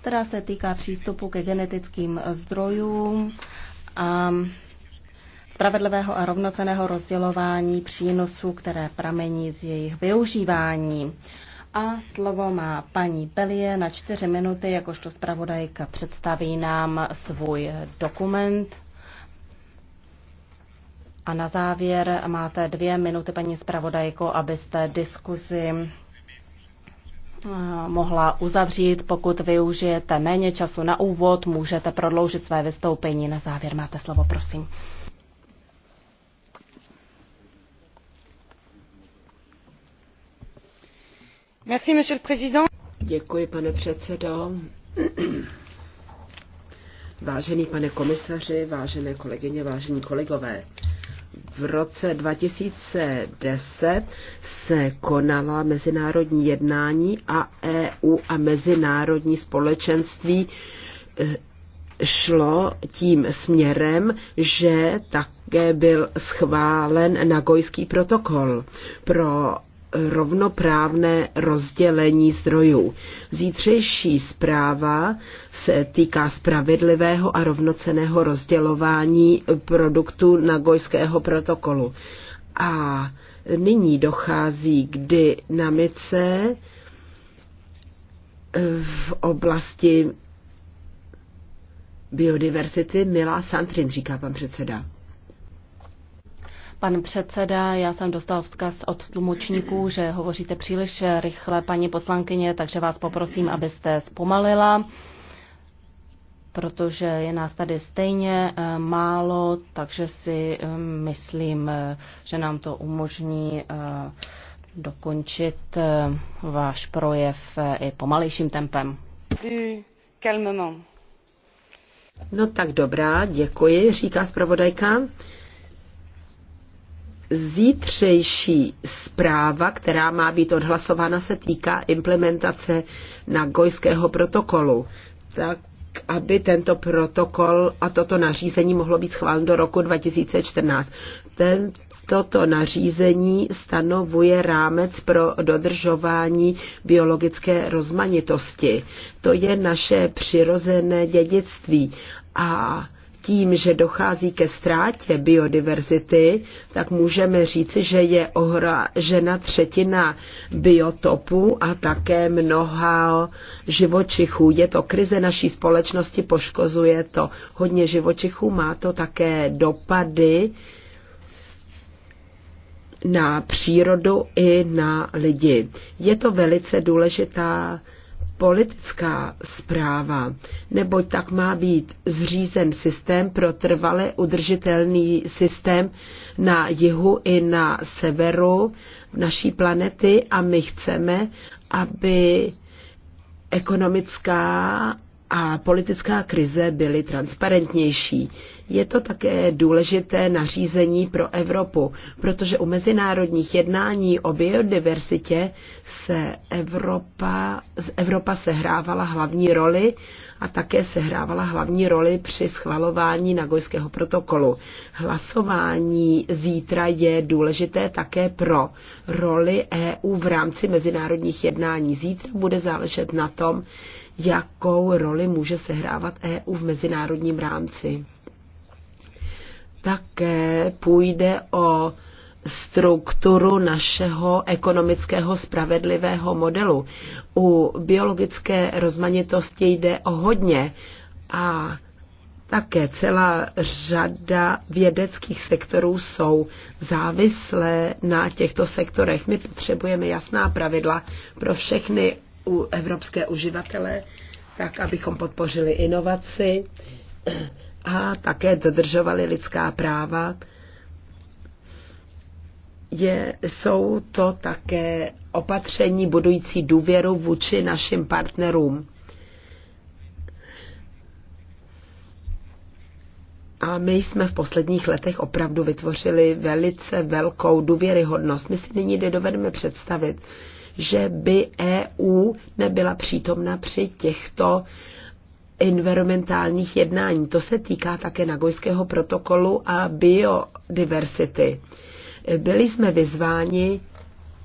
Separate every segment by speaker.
Speaker 1: která se týká přístupu ke genetickým zdrojům a spravedlivého a rovnoceného rozdělování přínosů, které pramení z jejich využívání. A slovo má paní Belie na čtyři minuty, jakožto zpravodajka představí nám svůj dokument. A na závěr máte dvě minuty, paní zpravodajko, abyste diskuzi Eh, mohla uzavřít. Pokud využijete méně času na úvod, můžete prodloužit své vystoupení. Na závěr máte slovo, prosím.
Speaker 2: Merci, monsieur le président. Děkuji, pane předsedo. Vážený pane komisaři, vážené kolegyně, vážení kolegové, v roce 2010 se konala mezinárodní jednání a EU a mezinárodní společenství eh, šlo tím směrem, že také byl schválen Nagojský protokol pro rovnoprávné rozdělení zdrojů. Zítřejší zpráva se týká spravedlivého a rovnoceného rozdělování produktů Nagojského protokolu. A nyní dochází k dynamice v oblasti biodiverzity. Milá Santrin, říká pan předseda.
Speaker 1: Pan předseda, já jsem dostal vzkaz od tlumočníků, že hovoříte příliš rychle, paní poslankyně, takže vás poprosím, abyste zpomalila, protože je nás tady stejně eh, málo, takže si eh, myslím, eh, že nám to umožní dokončit váš projev i pomalejším tempem.
Speaker 2: No tak dobrá, děkuji, říká zpravodajka. Zítřejší zpráva, která má být odhlasována, se týká implementace Nagojského protokolu. Tak aby tento protokol a toto nařízení mohlo být schváleno do roku 2014. Ten, toto nařízení stanovuje rámec pro dodržování biologické rozmanitosti. To je naše přirozené dědictví a tím, že dochází ke ztrátě biodiverzity, tak můžeme říci, že je ohrožena třetina biotopu a také mnoha živočichů. Je to krize naší společnosti, poškozuje to hodně živočichů, má to také dopady na přírodu i na lidi. Je to velice důležitá politická zpráva, neboť tak má být zřízen systém pro trvale udržitelný systém na jihu i na severu naší planety a my chceme, aby ekonomická a politická krize byly transparentnější. Je to také důležité nařízení pro Evropu, protože u mezinárodních jednání o biodiverzitě se Evropa, Evropa sehrávala hlavní roli a také sehrávala hlavní roli při schvalování Nagojského protokolu. Hlasování zítra je důležité také pro roli EU v rámci mezinárodních jednání. Zítra bude záležet na tom, jakou roli může sehrávat EU v mezinárodním rámci také půjde o strukturu našeho ekonomického spravedlivého modelu. U biologické rozmanitosti jde o hodně a také celá řada vědeckých sektorů jsou závislé na těchto sektorech. My potřebujeme jasná pravidla pro všechny u evropské uživatele, tak abychom podpořili inovaci, a také dodržovali lidská práva, je, jsou to také opatření budující důvěru vůči našim partnerům. A my jsme v posledních letech opravdu vytvořili velice velkou důvěryhodnost. My si nyní nedovedeme představit, že by EU nebyla přítomna při těchto environmentálních jednání. To se týká také Nagojského protokolu a biodiversity. Byli jsme vyzváni,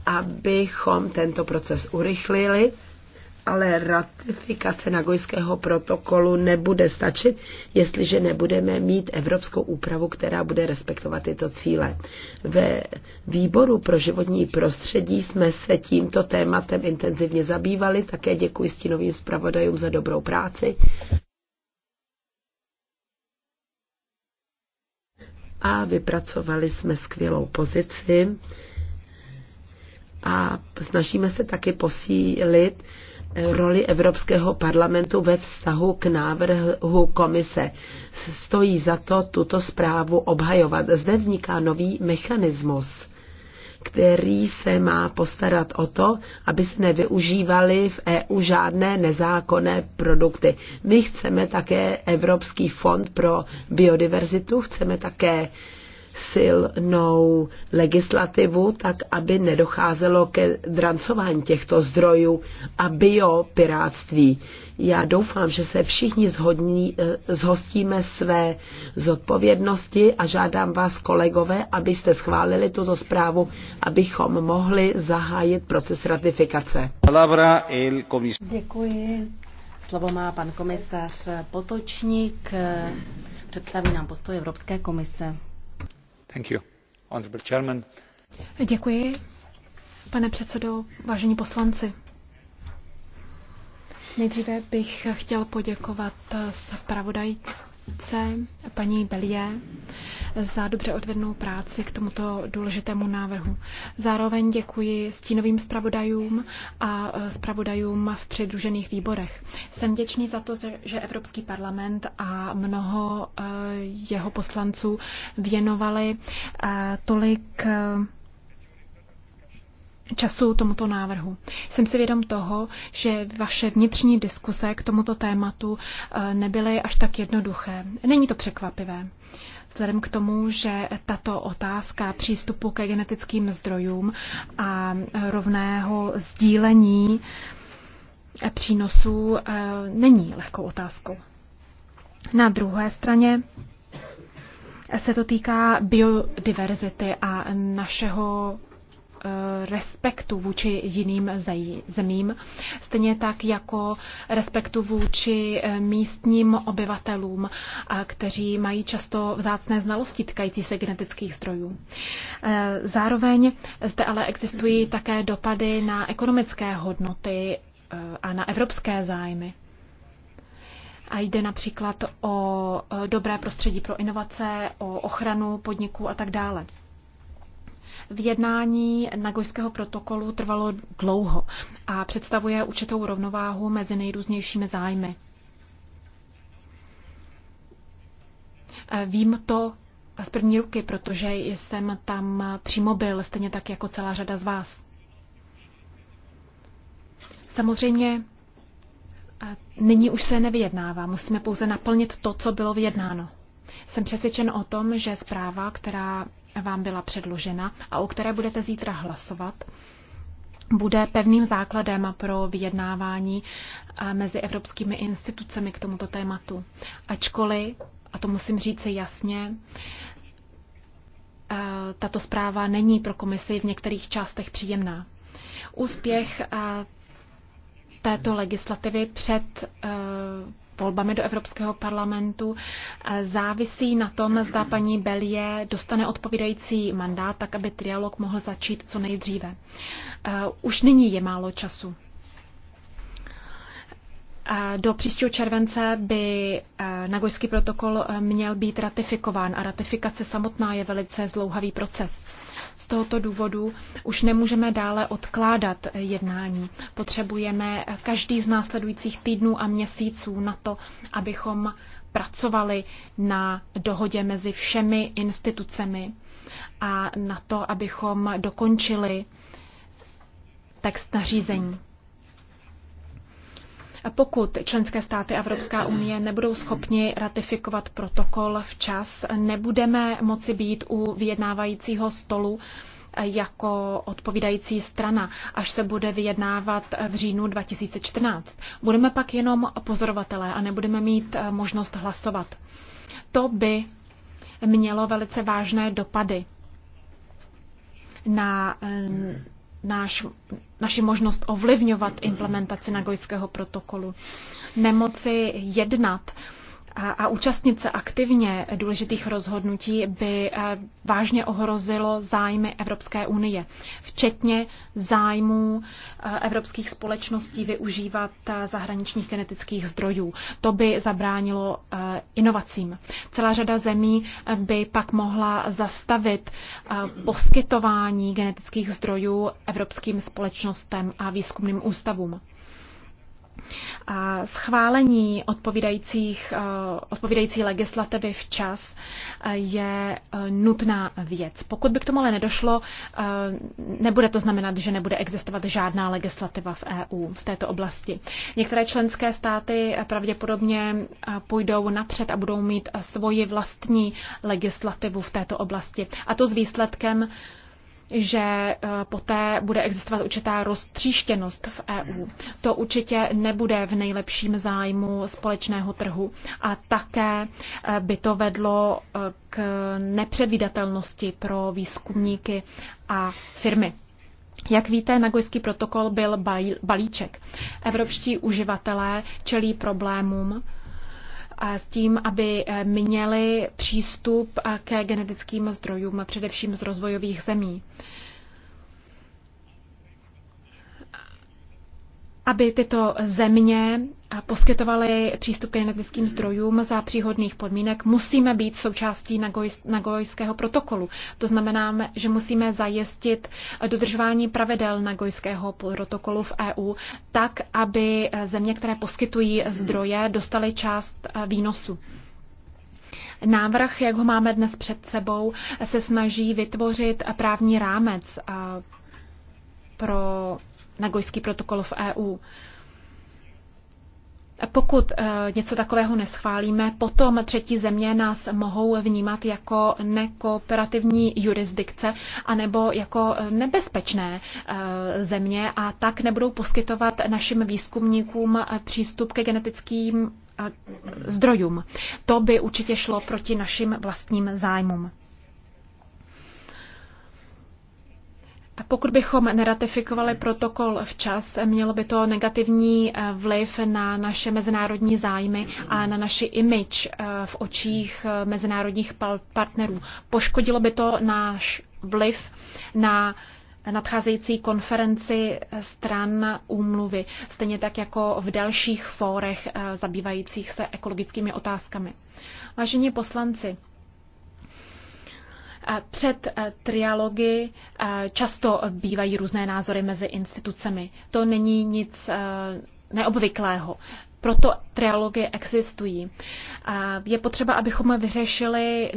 Speaker 2: abychom tento proces urychlili ale ratifikace Nagojského protokolu nebude stačit, jestliže nebudeme mít evropskou úpravu, která bude respektovat tyto cíle. Ve výboru pro životní prostředí jsme se tímto tématem intenzivně zabývali, také děkuji stínovým zpravodajům za dobrou práci. A vypracovali jsme skvělou pozici a snažíme se taky posílit roli Evropského parlamentu ve vztahu k návrhu komise. Stojí za to tuto zprávu obhajovat. Zde vzniká nový mechanismus který se má postarat o to, aby se nevyužívaly v EU žádné nezákonné produkty. My chceme také Evropský fond pro biodiverzitu, chceme také silnou legislativu, tak aby nedocházelo ke drancování těchto zdrojů a biopiráctví. Já doufám, že se všichni zhodní, eh, zhostíme své zodpovědnosti a žádám vás, kolegové, abyste schválili tuto zprávu, abychom mohli zahájit proces ratifikace. Děkuji. Slovo
Speaker 1: má pan komisař Potočník, představí nám postoj Evropské komise.
Speaker 3: Thank you. Honorable Chairman. Děkuji, pane předsedo, vážení poslanci. Nejdříve bych chtěl poděkovat zpravodajce zpravodajce paní Belie za dobře odvednou práci k tomuto důležitému návrhu. Zároveň děkuji stínovým zpravodajům a e, zpravodajům v předružených výborech. Jsem děčný za to, že Evropský parlament a mnoho e, jeho poslanců věnovali e, tolik času tomuto návrhu. Jsem si vědom toho, že vaše vnitřní diskuse k tomuto tématu eh, nebyly až tak jednoduché. Není to překvapivé. Vzhledem k tomu, že tato otázka přístupu ke genetickým zdrojům a rovného sdílení eh, přínosů eh, není lehkou otázkou. Na druhé straně se to týká biodiverzity a našeho Eh, respektu vůči jiným zemím, stejně tak jako respektu vůči eh, místním obyvatelům, kteří mají často vzácné znalosti týkající se genetických zdrojů. Eh, zároveň zde ale existují také dopady na ekonomické hodnoty a na evropské zájmy. A jde například o dobré prostředí pro inovace, o ochranu podniků a tak dále v jednání Nagojského protokolu trvalo dlouho a představuje určitou rovnováhu mezi nejrůznějšími zájmy. Vím to z první ruky, protože jsem tam přímo byl, stejně tak jako celá řada z vás. Samozřejmě nyní už se nevyjednává, musíme pouze naplnit to, co bylo vyjednáno. Jsem přesvědčen o tom, že zpráva, která vám byla předložena a o které budete zítra hlasovat, bude pevným základem pro vyjednávání eh, mezi evropskými institucemi k tomuto tématu. Ačkoliv, a to musím říct jasně, eh, tato zpráva není pro komisi v některých částech příjemná. Úspěch eh, této legislativy před volbami do Evropského parlamentu e, závisí na tom, zda paní Belie dostane odpovídající mandát, tak aby trialog mohl začít co nejdříve. E, už nyní je málo času. E, do příštího července by Nagojský protokol měl být ratifikován a ratifikace samotná je velice zlouhavý proces. Z tohoto důvodu už nemůžeme dále odkládat jednání. Potřebujeme každý z následujících týdnů a měsíců na to, abychom pracovali na dohodě mezi všemi institucemi a na to, abychom dokončili text nařízení. Pokud členské státy Evropská unie nebudou schopni ratifikovat protokol včas, nebudeme moci být u vyjednávajícího stolu eh, jako odpovídající strana, až se bude vyjednávat eh, v říjnu 2014. Budeme pak jenom pozorovatelé a nebudeme mít eh, možnost hlasovat. To by mělo velice vážné dopady na náš, naši možnost ovlivňovat implementaci Nagojského protokolu, nemoci jednat, a, účastnit se aktivně důležitých rozhodnutí by eh, vážně ohrozilo zájmy Evropské unie, včetně zájmů eh, evropských společností využívat eh, zahraničních genetických zdrojů. To by zabránilo inovacím. Celá řada zemí by pak mohla zastavit poskytování genetických zdrojů evropským společnostem a výzkumným ústavům. Schválení odpovídajících, eh, odpovídající legislativy včas eh, je eh, nutná věc. Pokud by k tomu ale nedošlo, nebude to znamenat, že nebude existovat žádná legislativa v EU v této oblasti. Některé členské státy pravděpodobně půjdou napřed a budou mít svoji vlastní legislativu v této oblasti. A to s výsledkem, že eh, poté bude existovat určitá roztříštěnost v EU. To určitě nebude v nejlepším zájmu společného trhu a také eh, by to vedlo eh, k nepředvídatelnosti pro výzkumníky a firmy. Jak víte, Nagojský protokol byl balíček. Evropští uživatelé čelí problémům, s tím, aby eh, měli přístup eh, ke genetickým zdrojům, především z rozvojových zemí. Aby tyto země poskytovali přístup k energetickým zdrojům za příhodných podmínek, musíme být součástí Nagojského protokolu. To znamená, že musíme zajistit dodržování pravidel Nagojského protokolu v EU tak, aby země, které poskytují zdroje, dostaly část výnosu. Návrh, jak ho máme dnes před sebou, se snaží vytvořit právní rámec pro Nagojský protokol v EU. Pokud eh, něco takového neschválíme, potom třetí země nás mohou vnímat jako nekooperativní jurisdikce anebo jako eh, nebezpečné eh, země a tak nebudou poskytovat našim výzkumníkům přístup ke genetickým zdrojům. To by určitě šlo proti našim vlastním zájmům. Pokud bychom neratifikovali protokol včas, mělo by to negativní eh, vliv na naše mezinárodní zájmy a na naši image eh, v očích eh, mezinárodních partnerů. Poškodilo by to náš vliv na nadcházející konferenci stran úmluvy, stejně tak jako v dalších fórech zabývajících se ekologickými otázkami. Vážení poslanci, před eh, trialogy eh, často bývají různé názory mezi institucemi. To není nic eh, neobvyklého. Proto triology existují. Je potřeba, abychom vyřešili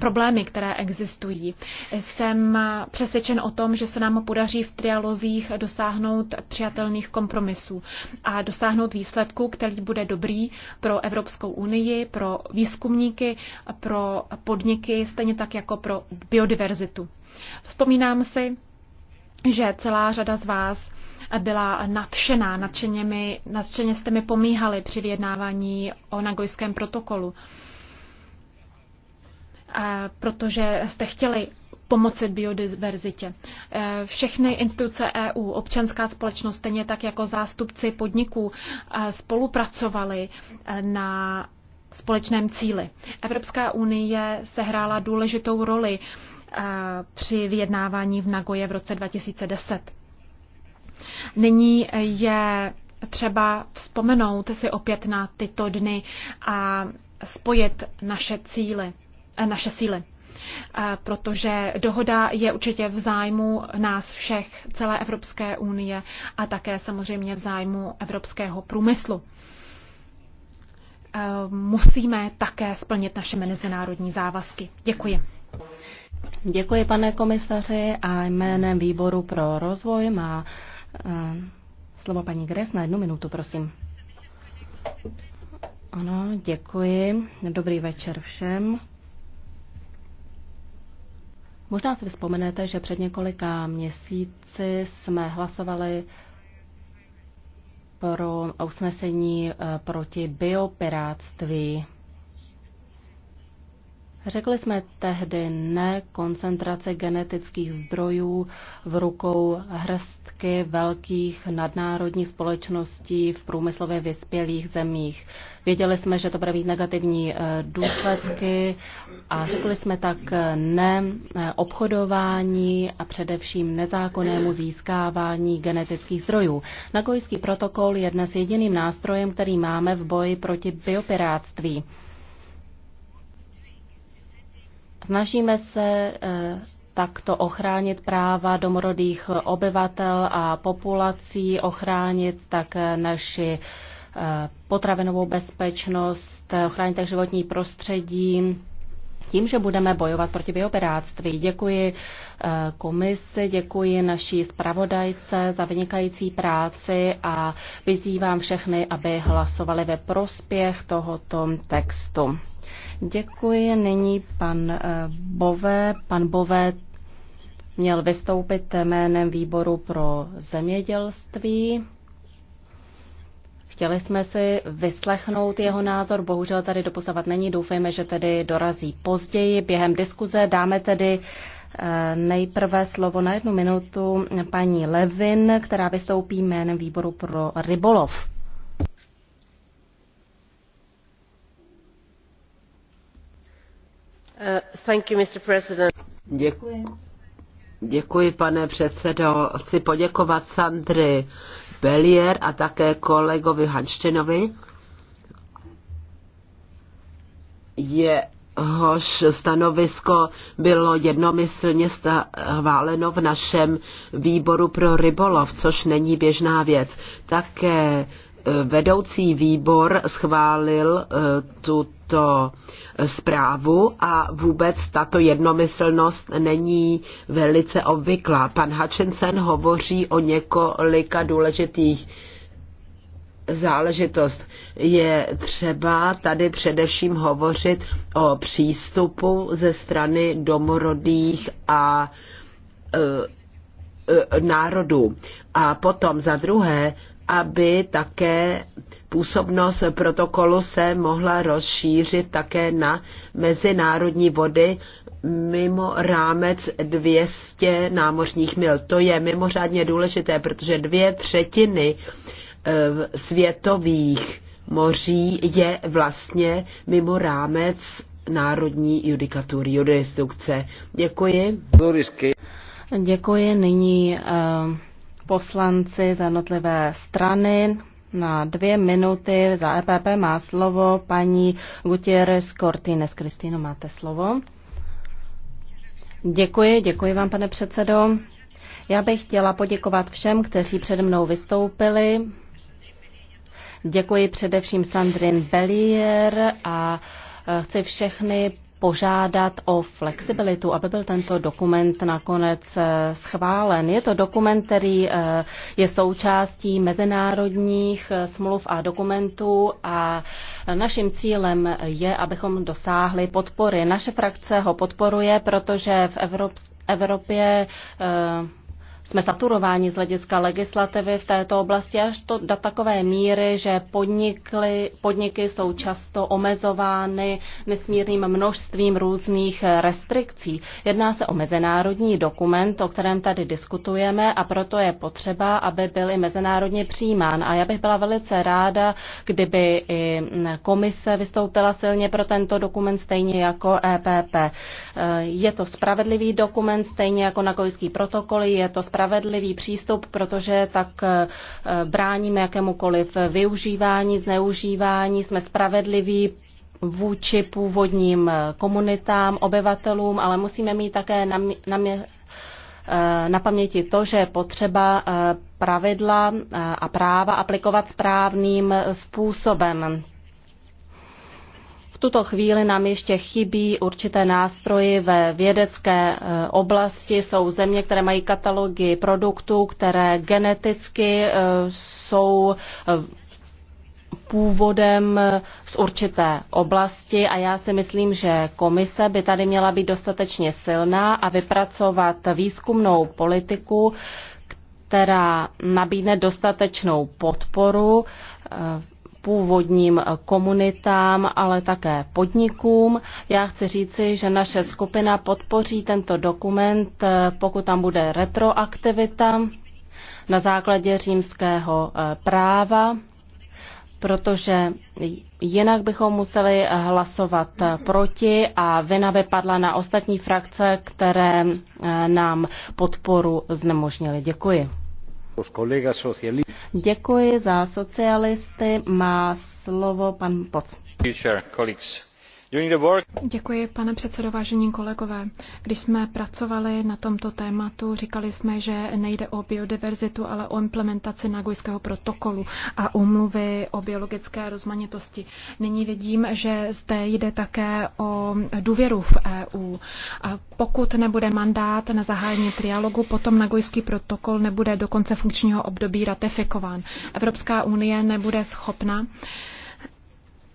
Speaker 3: problémy, které existují. Jsem přesvědčen o tom, že se nám podaří v trialozích dosáhnout přijatelných kompromisů a dosáhnout výsledku, který bude dobrý pro Evropskou unii, pro výzkumníky, pro podniky, stejně tak jako pro biodiverzitu. Vzpomínám si, že celá řada z vás byla nadšená, nadšeně, mi, nadšeně jste mi pomíhali při vyjednávání o Nagojském protokolu, eh, protože jste chtěli pomoci biodiverzitě. Eh, všechny instituce EU, občanská společnost, stejně tak jako zástupci podniků, eh, spolupracovali na společném cíli. Evropská unie sehrála důležitou roli při vyjednávání v Nagoje v roce 2010. Nyní je třeba vzpomenout si opět na tyto dny a spojit naše cíly, naše síly. Protože dohoda je určitě v zájmu nás všech, celé Evropské unie a také samozřejmě v zájmu evropského průmyslu.
Speaker 1: Musíme také splnit naše mezinárodní závazky. Děkuji. Děkuji, pane komisaři, a jménem výboru pro rozvoj má eh, slovo paní Gres na jednu minutu, prosím. Ano, děkuji. Dobrý večer všem. Možná si vzpomenete, že před několika měsíci jsme hlasovali pro usnesení eh, proti biopiráctví. Řekli jsme tehdy ne koncentrace genetických zdrojů v rukou hrstky velkých nadnárodních společností v průmyslově vyspělých zemích. Věděli jsme, že to bude mít negativní eh, důsledky a řekli jsme tak eh, ne eh, obchodování a především nezákonnému získávání genetických zdrojů. Nagojský protokol je dnes jediným nástrojem, který máme v boji proti biopiráctví. Snažíme se eh, takto ochránit práva domorodých obyvatel a populací, ochránit tak naši eh, potravinovou bezpečnost, ochránit tak životní prostředí, tím, že budeme bojovat proti bioperáctví. Děkuji eh, komisi, děkuji naší zpravodajce za vynikající práci a vyzývám všechny, aby hlasovali ve prospěch tohoto textu. Děkuji. Nyní pan eh, Bové. Pan Bové měl vystoupit jménem výboru pro zemědělství. Chtěli jsme si vyslechnout jeho názor, bohužel tady doposavat není, doufejme, že tedy dorazí později. Během diskuze dáme tedy eh, nejprve slovo na jednu minutu paní Levin, která vystoupí jménem výboru pro rybolov.
Speaker 2: Uh, Děkuji. pane předsedající Chci poděkovat Sandri, Belier a také kolegovi Hanštinovi. Jehož stanovisko bylo jednomyslně schváleno v našem výboru pro rybolov, což není běžná věc. Také vedoucí výbor schválil eh, tuto zprávu a vůbec tato jednomyslnost není velice obvyklá. Pan Hutchinson hovoří o několika důležitých záležitost. Je třeba tady především hovořit o přístupu ze strany domorodých a eh, eh, národů. A potom za druhé aby také působnost protokolu se mohla rozšířit také na mezinárodní vody mimo rámec 200 námořních mil. To je mimořádně důležité, protože dvě třetiny eh, světových moří je vlastně mimo rámec národní judikatury, jurisdikce. Děkuji. Děkuji. Nyní uh
Speaker 1: poslanci za jednotlivé strany. Na dvě minuty za EPP má slovo paní Gutierrez Cortines. Kristýno, máte slovo. Děkuji, děkuji vám, pane předsedo. Já bych chtěla poděkovat všem, kteří před mnou vystoupili. Děkuji především Sandrine Bellier a eh, chci všechny požádat o flexibilitu, aby byl tento dokument nakonec eh, schválen. Je to dokument, který eh, je součástí mezinárodních eh, smluv a dokumentů a naším cílem je, abychom dosáhli podpory. Naše frakce ho podporuje, protože v Evropě Evropě jsme saturováni z hlediska legislativy v této oblasti až to do takové míry, že podnikly, podniky jsou často omezovány nesmírným množstvím různých restrikcí. Jedná se o mezinárodní dokument, o kterém tady diskutujeme a proto je potřeba, aby byl i mezinárodně přijímán. A já bych byla velice ráda, kdyby i komise vystoupila silně pro tento dokument, stejně jako EPP. Je to spravedlivý dokument, stejně jako na protokol, je to spravedlivý spravedlivý přístup, protože tak eh, bráníme jakémukoliv využívání, zneužívání, jsme spravedliví vůči původním eh, komunitám, obyvatelům, ale musíme mít také na, na, eh, na paměti to, že je potřeba pravidla a práva aplikovat správným způsobem tuto chvíli nám ještě chybí určité nástroje ve vědecké e, oblasti. Jsou země, které mají katalogy produktů, které geneticky e, jsou e, původem z určité oblasti a já si myslím, že komise by tady měla být dostatečně silná a vypracovat výzkumnou politiku, která nabídne dostatečnou podporu původním komunitám, ale také podnikům. Já chci říci, že naše skupina podpoří tento dokument, eh, pokud tam bude retroaktivita na základě římského eh, práva, protože jinak bychom museli hlasovat eh, proti a vina by padla na ostatní frakce, které nám podporu znemožnili. Děkuji. Děkuji za socialisty. Má slovo pan Poc. Děkuji, pane předsedo, vážení kolegové.
Speaker 3: Když jsme pracovali na tomto tématu, říkali jsme, že nejde o biodiverzitu, ale o implementaci Nagojského protokolu a umluvy o biologické rozmanitosti. Nyní vidím, že zde jde také o důvěru v EU. A pokud nebude mandát na zahájení trialogu, potom Nagojský protokol nebude do konce funkčního období ratifikován. Evropská unie nebude schopna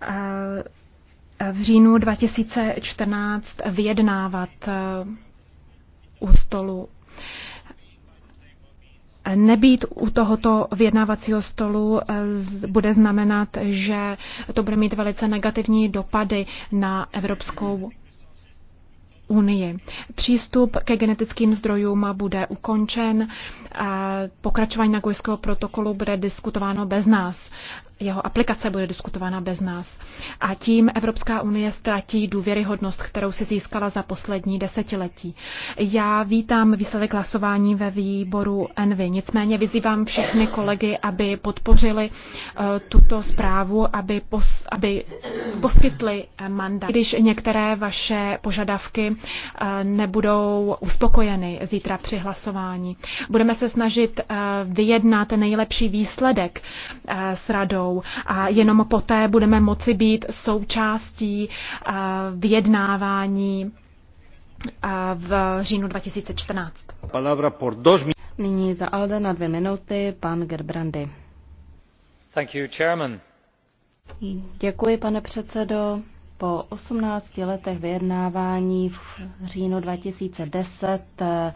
Speaker 3: eh, v říjnu 2014 vyjednávat eh, u stolu. Nebýt u tohoto vyjednávacího stolu eh, bude znamenat, že to bude mít velice negativní dopady na Evropskou unii. Přístup ke genetickým zdrojům bude ukončen, pokračování Nagojského protokolu bude diskutováno bez nás jeho aplikace bude diskutována bez nás. A tím Evropská unie ztratí důvěryhodnost, kterou si získala za poslední desetiletí. Já vítám výsledek hlasování ve výboru Envy, nicméně vyzývám všechny kolegy, aby podpořili eh, tuto zprávu, aby, pos, aby poskytli eh, mandát. Když některé vaše požadavky eh, nebudou uspokojeny zítra při hlasování, budeme se snažit vyjednat nejlepší výsledek s radou dohodou a jenom poté budeme moci být součástí eh, vyjednávání
Speaker 1: eh, v říjnu 2014. Nyní za Alde na dvě minuty pan Gerbrandy.
Speaker 3: Thank you, chairman.
Speaker 1: Děkuji, pane předsedo. Po 18 letech vyjednávání v říjnu 2010 eh,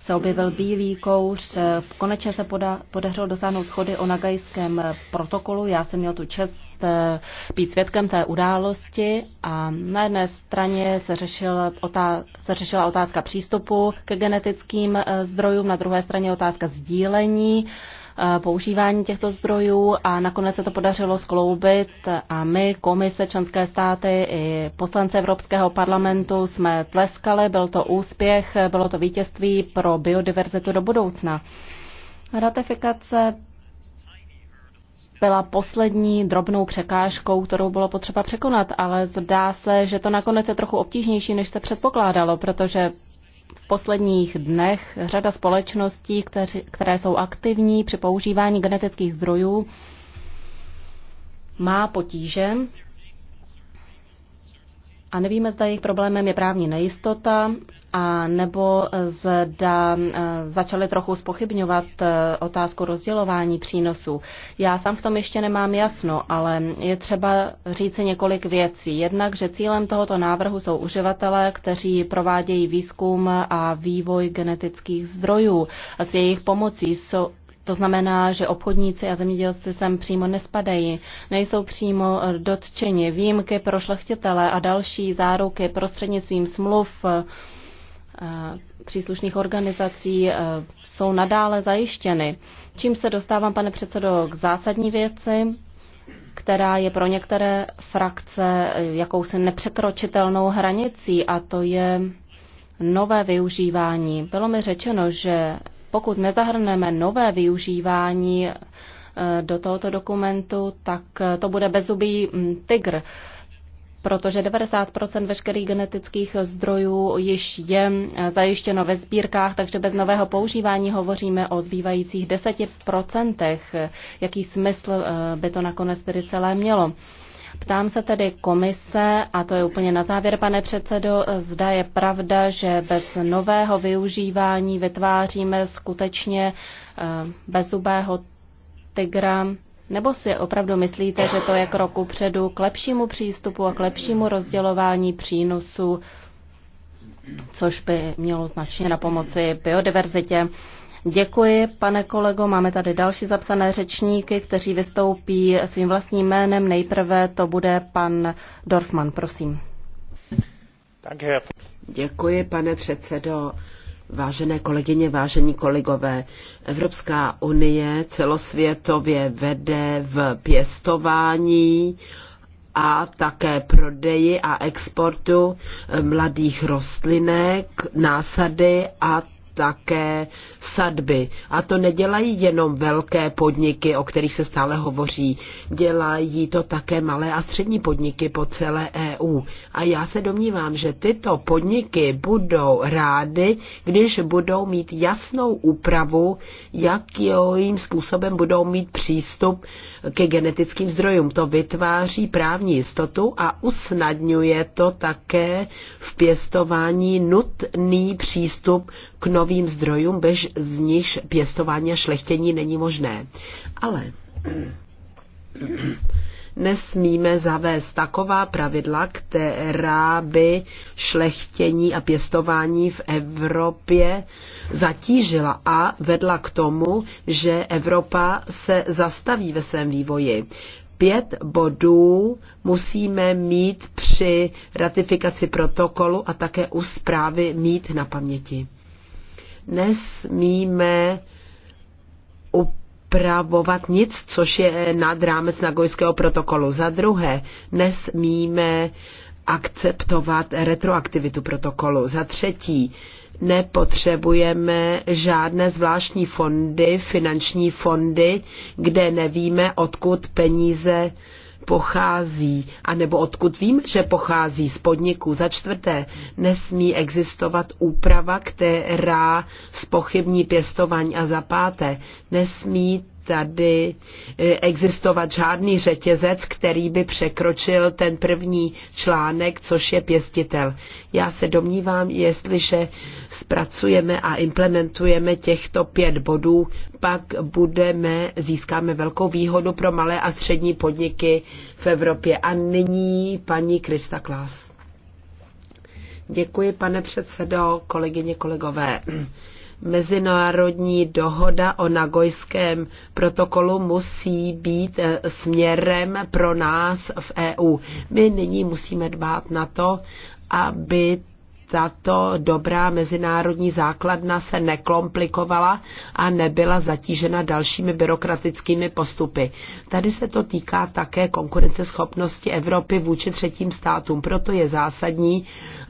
Speaker 1: se objevil bílý kouř. Eh, konečně se poda, podařilo dosáhnout schody o Nagajském protokolu. Já jsem měl tu čest eh, být svědkem té události a na jedné straně se, řešil otá- se řešila otázka přístupu ke genetickým zdrojům, na druhé straně otázka sdílení Eh, používání těchto zdrojů a nakonec se to podařilo skloubit a my, komise, členské státy i poslance Evropského parlamentu jsme tleskali, byl to úspěch, bylo to vítězství pro biodiverzitu do budoucna. Ratifikace byla poslední drobnou překážkou, kterou bylo potřeba překonat, ale zdá se, že to nakonec je trochu obtížnější, než se předpokládalo, protože v posledních dnech řada společností, které jsou aktivní při používání genetických zdrojů, má potíže a nevíme, zda jejich problémem je právní nejistota a nebo zda e, začali trochu spochybňovat e, otázku rozdělování přínosů. Já sám v tom ještě nemám jasno, ale je třeba říci několik věcí. Jednak, že cílem tohoto návrhu jsou uživatelé, kteří provádějí výzkum a vývoj genetických zdrojů a s jejich pomocí jsou, to znamená, že obchodníci a zemědělci sem přímo nespadají, nejsou přímo e, dotčeni. Výjimky pro šlechtitele a další záruky prostřednictvím smluv Eh, příslušných organizací eh, jsou nadále zajištěny. Čím se dostávám, pane předsedo, k zásadní věci, která je pro některé frakce jakousi nepřekročitelnou hranicí, a to je nové využívání. Bylo mi řečeno, že pokud nezahrneme nové využívání eh, do tohoto dokumentu, tak to bude bezubý mm, tygr protože 90 veškerých genetických zdrojů již je eh, zajištěno ve sbírkách, takže bez nového používání hovoříme o zbývajících 10 Jaký smysl eh, by to nakonec tedy celé mělo? Ptám se tedy komise, a to je úplně na závěr, pane předsedo, eh, zda je pravda, že bez nového využívání vytváříme skutečně bezubého tygra nebo si opravdu myslíte, že to je kroku předu k lepšímu přístupu a k lepšímu rozdělování přínosů, což by mělo značně na pomoci biodiverzitě? Děkuji, pane kolego. Máme tady další zapsané řečníky, kteří vystoupí svým vlastním jménem. Nejprve to bude pan Dorfman, prosím.
Speaker 2: Děkuji, pane předsedo. Vážené kolegyně, vážení kolegové, Evropská unie celosvětově vede v pěstování a také prodeji a exportu mladých rostlinek, násady a také sadby. A to nedělají jenom velké podniky, o kterých se stále hovoří. Dělají to také malé a střední podniky po celé EU. A já se domnívám, že tyto podniky budou rády, když budou mít jasnou úpravu, jakým způsobem budou mít přístup ke genetickým zdrojům. To vytváří právní jistotu a usnadňuje to také v pěstování nutný přístup k novým novým zdrojům, bez z nichž pěstování a šlechtění není možné. Ale nesmíme zavést taková pravidla, která by šlechtění a pěstování v Evropě zatížila a vedla k tomu, že Evropa se zastaví ve svém vývoji. Pět bodů musíme mít při ratifikaci protokolu a také u zprávy mít na paměti nesmíme upravovat nic, což je nad rámec Nagojského protokolu. Za druhé, nesmíme akceptovat retroaktivitu protokolu. Za třetí, nepotřebujeme žádné zvláštní fondy, finanční fondy, kde nevíme, odkud peníze pochází, anebo odkud vím, že pochází z podniku. Za čtvrté, nesmí existovat úprava, která spochybní pěstování. A za páté, nesmí tady e, existovat žádný řetězec, který by překročil ten první článek, což je pěstitel. Já se domnívám, jestliže zpracujeme a implementujeme těchto pět bodů, pak budeme, získáme velkou výhodu pro malé a střední podniky v Evropě. A nyní paní Krista Klas. Děkuji, pane předsedo, kolegyně, kolegové mezinárodní dohoda o Nagojském protokolu musí být eh, směrem pro nás v EU. My nyní musíme dbát na to, aby tato dobrá mezinárodní základna se nekomplikovala a nebyla zatížena dalšími byrokratickými postupy. Tady se to týká také konkurenceschopnosti Evropy vůči třetím státům, proto je zásadní,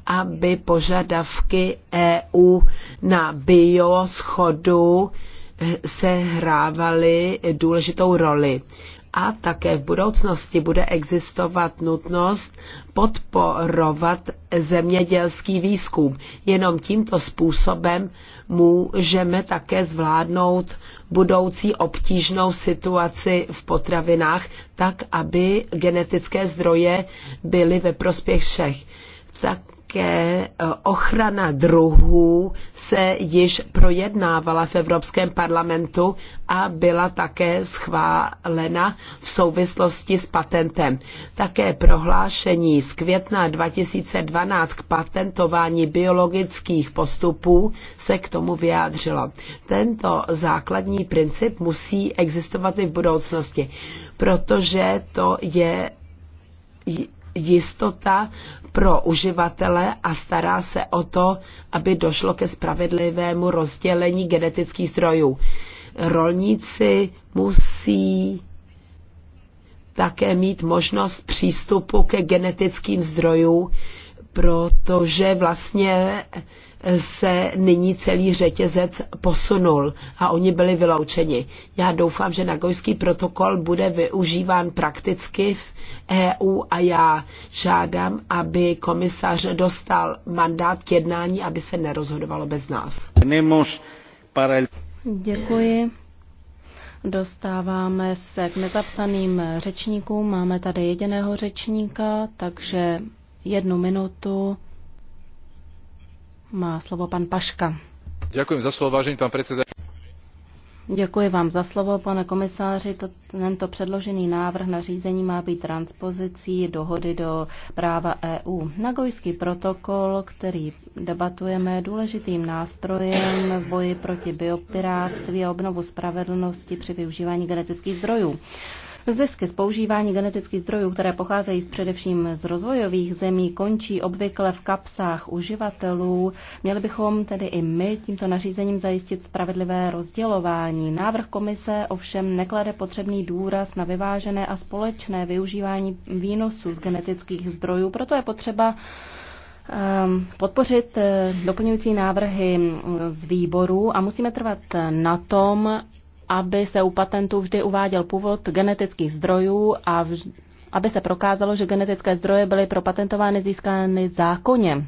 Speaker 2: aby požadavky EU na bioschodu eh, sehrávaly důležitou roli. A také v budoucnosti bude existovat nutnost podporovat zemědělský výzkum. Jenom tímto způsobem můžeme také zvládnout budoucí obtížnou situaci v potravinách, tak aby genetické zdroje byly ve prospěch všech. Tak také eh, ochrana druhů se již projednávala v Evropském parlamentu a byla také schválena v souvislosti s patentem. Také prohlášení z května 2012 k patentování biologických postupů se k tomu vyjádřilo. Tento základní princip musí existovat i v budoucnosti, protože to je jistota pro uživatele a stará se o to, aby došlo ke spravedlivému rozdělení genetických zdrojů. Rolníci musí také mít možnost přístupu ke genetickým zdrojům, protože vlastně se nyní celý řetězec posunul a oni byli vyloučeni. Já doufám, že Nagojský protokol bude využíván prakticky v EU a já žádám, aby komisař dostal mandát k jednání, aby se nerozhodovalo bez nás. Děkuji.
Speaker 1: Dostáváme se k nezaptaným řečníkům. Máme tady jediného řečníka, takže jednu minutu má slovo pan Paška.
Speaker 3: Děkuji za slovo, vážený pan předsedající.
Speaker 1: Děkuji vám za slovo, pane komisáři. Tento předložený návrh na řízení má být transpozicí dohody do práva EU. Nagojský protokol, který debatujeme, je důležitým nástrojem v boji proti biopiráctví a obnovu spravedlnosti při využívání genetických zdrojů. Zisky z používání genetických zdrojů, které pocházejí především z rozvojových zemí, končí obvykle v kapsách uživatelů. Měli bychom tedy i my tímto nařízením zajistit spravedlivé rozdělování. Návrh komise ovšem neklade potřebný důraz na vyvážené a společné využívání výnosů z genetických zdrojů, proto je potřeba ehm, podpořit eh, doplňující návrhy mm, z výboru a musíme trvat na tom, aby se u patentů vždy uváděl původ genetických zdrojů a vž- aby se prokázalo, že genetické zdroje byly pro patentovány získány zákonně.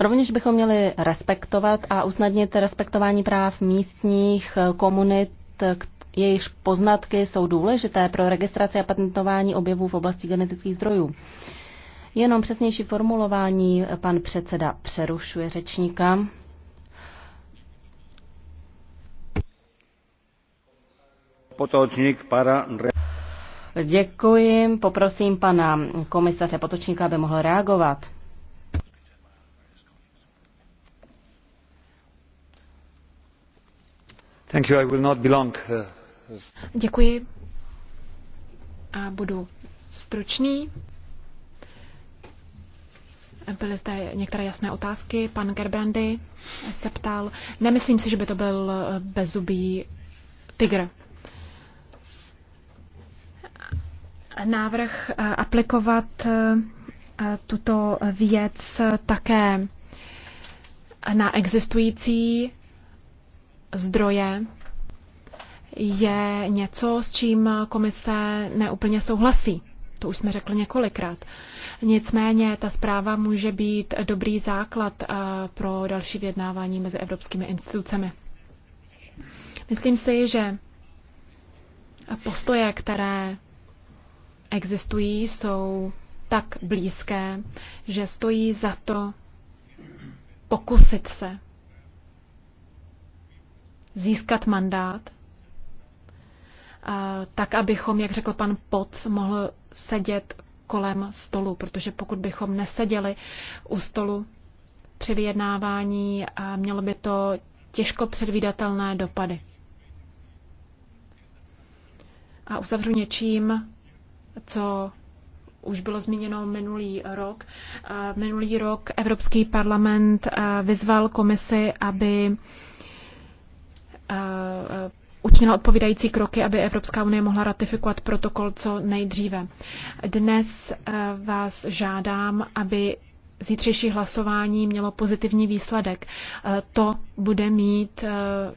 Speaker 1: Rovněž bychom měli respektovat a usnadnit respektování práv místních eh, komunit, jejichž poznatky jsou důležité pro registraci a patentování objevů v oblasti genetických zdrojů. Jenom přesnější formulování eh, pan předseda přerušuje řečníka. Děkuji. Poprosím pana komisaře Potočníka, aby mohl reagovat. Thank you. I will not belong.
Speaker 2: Uh,
Speaker 3: Děkuji. A budu stručný. Byly zde některé jasné otázky. Pan Gerbrandy se ptal. Nemyslím si, že by to byl eh, bezubý tygr. návrh eh, aplikovat eh, eh, tuto věc také na existující zdroje je něco, s čím komise neúplně souhlasí. To už jsme řekli několikrát. Nicméně ta zpráva může být dobrý základ pro další vyjednávání mezi evropskými institucemi. Myslím si, že postoje, které existují, jsou tak blízké, že stojí za to pokusit se získat mandát, tak abychom, jak řekl pan Poc, mohl sedět kolem stolu, protože pokud bychom neseděli u stolu při vyjednávání, mělo by to těžko předvídatelné dopady. A uzavřu něčím, co už bylo zmíněno minulý rok. Eh, minulý rok Evropský parlament eh, vyzval komisi, aby eh, učinila odpovídající kroky, aby Evropská unie mohla ratifikovat protokol co nejdříve. Dnes vás žádám, aby zítřejší hlasování mělo pozitivní výsledek. Eh, to bude mít, eh,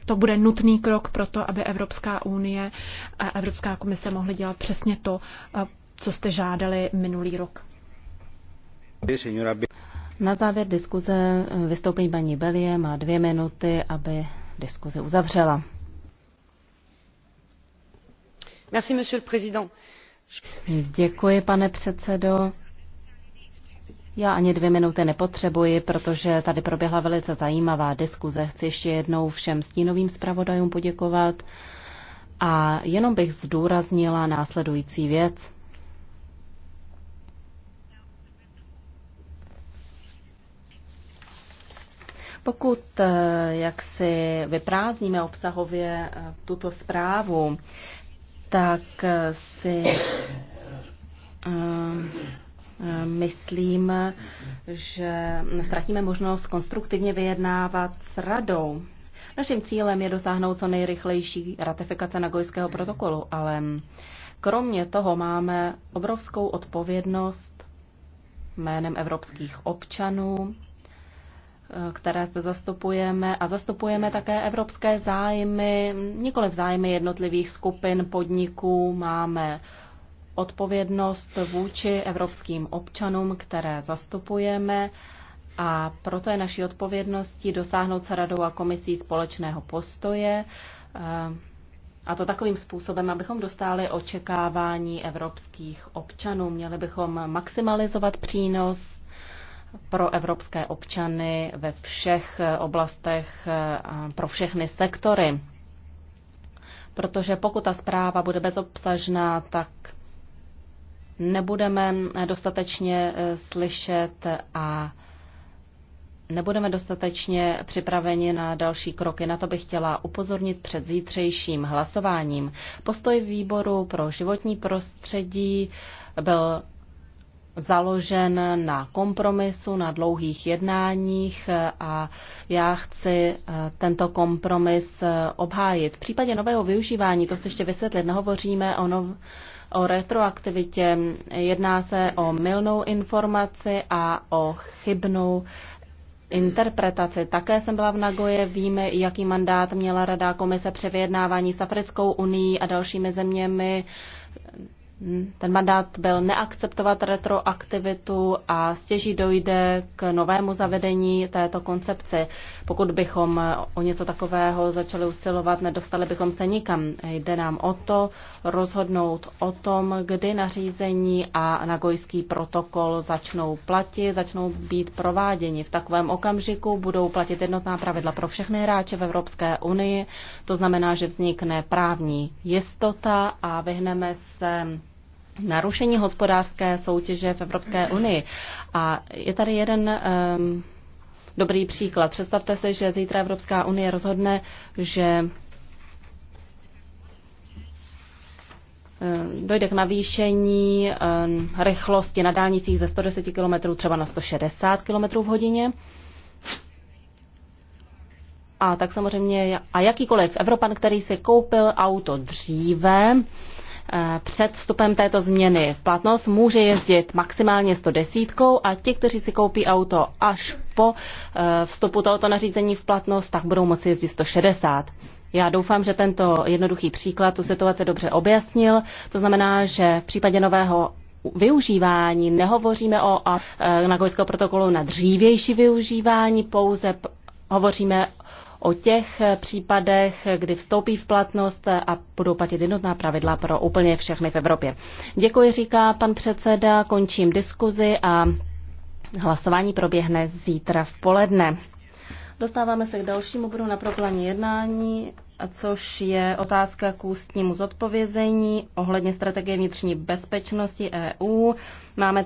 Speaker 3: to bude nutný krok pro to, aby Evropská unie a Evropská komise mohly dělat přesně to, eh, co jste žádali minulý
Speaker 1: rok. Na závěr diskuze vystoupí paní Belie, má dvě minuty, aby diskuze uzavřela.
Speaker 2: Merci, monsieur le président.
Speaker 1: Děkuji, pane předsedo. Já ani dvě minuty nepotřebuji, protože tady proběhla velice zajímavá diskuze. Chci ještě jednou všem stínovým zpravodajům poděkovat a jenom bych zdůraznila následující věc. Pokud eh, jak si vyprázdníme obsahově eh, tuto zprávu, tak eh, si myslím, že ztratíme možnost konstruktivně vyjednávat s radou. Naším cílem je dosáhnout co nejrychlejší ratifikace Nagojského protokolu, ale kromě toho máme obrovskou odpovědnost jménem evropských občanů, které zde zastupujeme a zastupujeme také evropské zájmy, nikoli v zájmy jednotlivých skupin podniků. Máme odpovědnost vůči evropským občanům, které zastupujeme a proto je naší odpovědností dosáhnout se radou a komisí společného postoje eh, a to takovým způsobem, abychom dostali očekávání evropských občanů. Měli bychom maximalizovat přínos pro evropské občany ve všech oblastech, eh, pro všechny sektory. Protože pokud ta zpráva bude bezobsažná, tak nebudeme dostatečně eh, slyšet a nebudeme dostatečně připraveni na další kroky. Na to bych chtěla upozornit před zítřejším hlasováním. Postoj výboru pro životní prostředí byl založen na kompromisu, na dlouhých jednáních a já chci eh, tento kompromis eh, obhájit. V případě nového využívání, to chci ještě vysvětlit, nehovoříme o nov, o retroaktivitě. Jedná se o milnou informaci a o chybnou interpretaci. Také jsem byla v Nagoje, víme, jaký mandát měla Rada komise při vyjednávání s Africkou unii a dalšími zeměmi ten mandát byl neakceptovat retroaktivitu a stěží dojde k novému zavedení této koncepce. Pokud bychom o něco takového začali usilovat, nedostali bychom se nikam. Jde nám o to rozhodnout o tom, kdy nařízení a nagojský protokol začnou platit, začnou být prováděni. V takovém okamžiku budou platit jednotná pravidla pro všechny hráče v Evropské unii. To znamená, že vznikne právní jistota a vyhneme se narušení hospodářské soutěže v Evropské unii. A je tady jeden um, dobrý příklad. Představte si, že zítra Evropská unie rozhodne, že dojde k navýšení rychlosti na dálnicích ze 110 km třeba na 160 km v hodině. A tak samozřejmě, a jakýkoliv Evropan, který si koupil auto dříve, Eh, před vstupem této změny v platnost může jezdit maximálně 110 a ti, kteří si koupí auto až po eh, vstupu tohoto nařízení v platnost, tak budou moci jezdit 160. Já doufám, že tento jednoduchý příklad tu situaci dobře objasnil. To znamená, že v případě nového využívání nehovoříme o, o eh, Nagojského protokolu na dřívější využívání, pouze hovoříme o těch případech, kdy vstoupí v platnost a budou platit jednotná pravidla pro úplně všechny v Evropě. Děkuji, říká pan předseda, končím diskuzi a hlasování proběhne zítra v poledne. Dostáváme se k dalšímu bodu na proklání jednání, což je otázka k ústnímu zodpovězení ohledně strategie vnitřní bezpečnosti EU. Máme